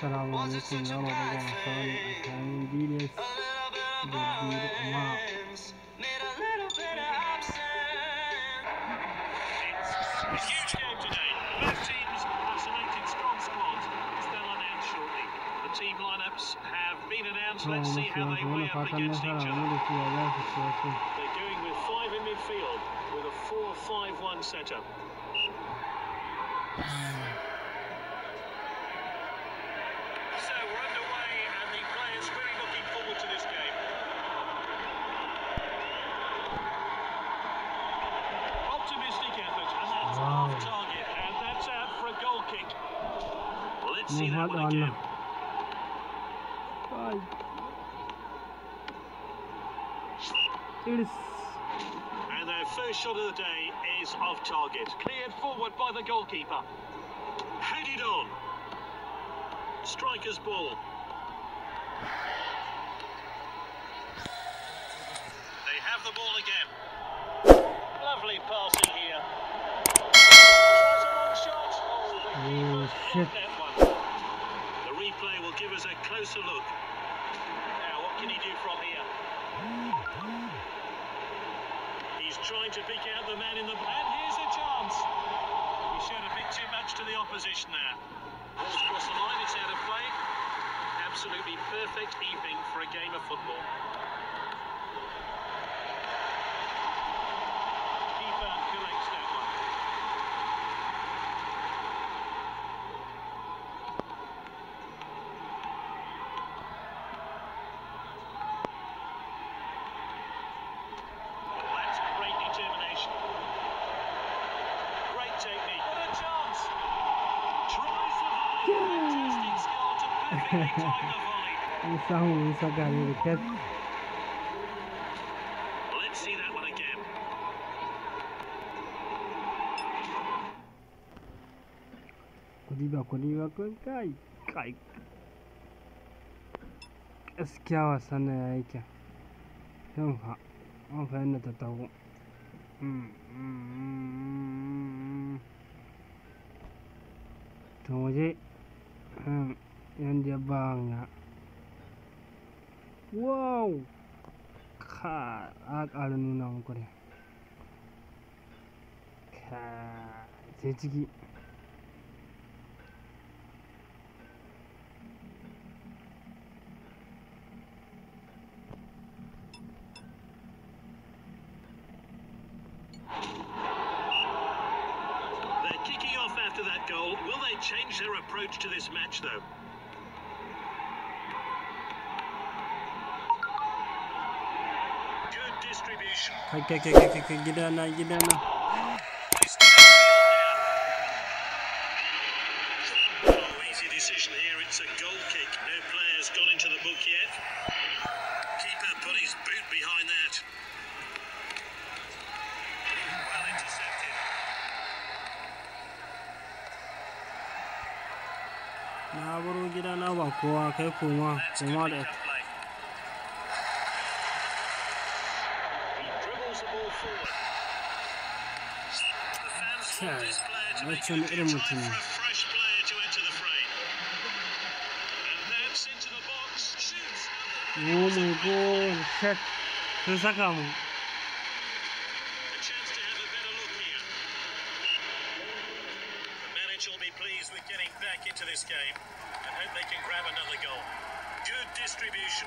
to السلام عليكم ورحمة الله وبركاته I'm Julius the Beat Mom Team lineups have been announced. Let's see how they weigh up against each other. They're going with five in midfield with a 4-5-1 setup. Bye. It is. And their first shot of the day is off target. Cleared forward by the goalkeeper. Headed on. Striker's ball. They have the ball again. Lovely passing here. Oh, shit us a closer look. Now, what can he do from here? He's trying to pick out the man in the... And here's a chance. He showed a bit too much to the opposition there. Ball's across the line, it's out of play. Absolutely perfect evening for a game of football. Essa ruim, essa galera. Quer... Koniwa, Koniwa, Kai, Kai. Esse que é o Asana aí, que é. Vamos lá. Vamos ver ainda, Tatago. Hum, hum, hum. Então, hoje. Hum. and Wow They're kicking off after that goal. Will they change their approach to this match though? Kalk kalk kalk kalk kalk gidelim lan gidelim lan. Na buru gidana ba kowa kai koma koma da Okay, let's an Edmonton. Oh my god, shit. Where's that coming? into this game and hope they can grab another goal. Good distribution.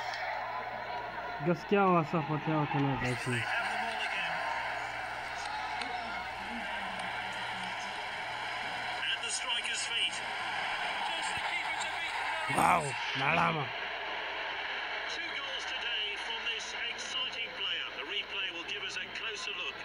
gaskiya wasa fatawa tana zafi Wow, Malama. Two goals today from this exciting player. The replay will give us a closer look